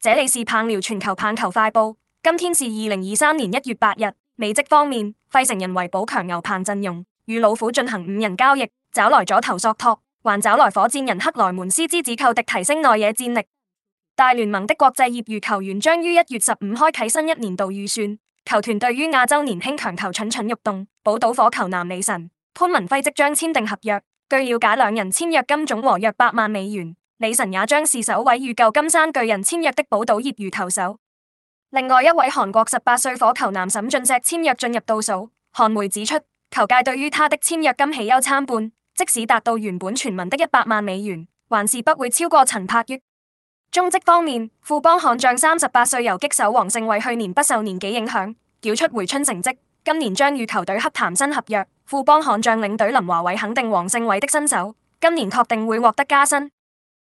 這裏是棒聊全球棒球快報，今天是二零二三年一月八日。美職方面，費城人為補強牛棚陣容，與老虎進行五人交易，找來左投索托，還找來火箭人克萊門斯之子寇迪，提升內野戰力。大聯盟的國際業餘球員將於一月十五開啟新一年度預算，球團對於亞洲年輕強球蠢蠢欲動，補到火球男美神潘文輝即將簽訂合約。據了解，兩人簽約金總和約八萬美元。李晨也將是首位與舊金山巨人簽約的寶島業餘投手。另外一位韓國十八歲火球男沈俊石簽約進入倒數。韓媒指出，球界對於他的簽約金喜憂參半，即使達到原本傳聞的一百萬美元，還是不會超過陳柏約。中職方面，富邦悍將三十八歲遊擊手王勝偉去年不受年紀影響，繳出回春成績，今年將與球隊洽談新合約。富邦悍將領隊林華偉肯定王勝偉的身手，今年確定會獲得加薪。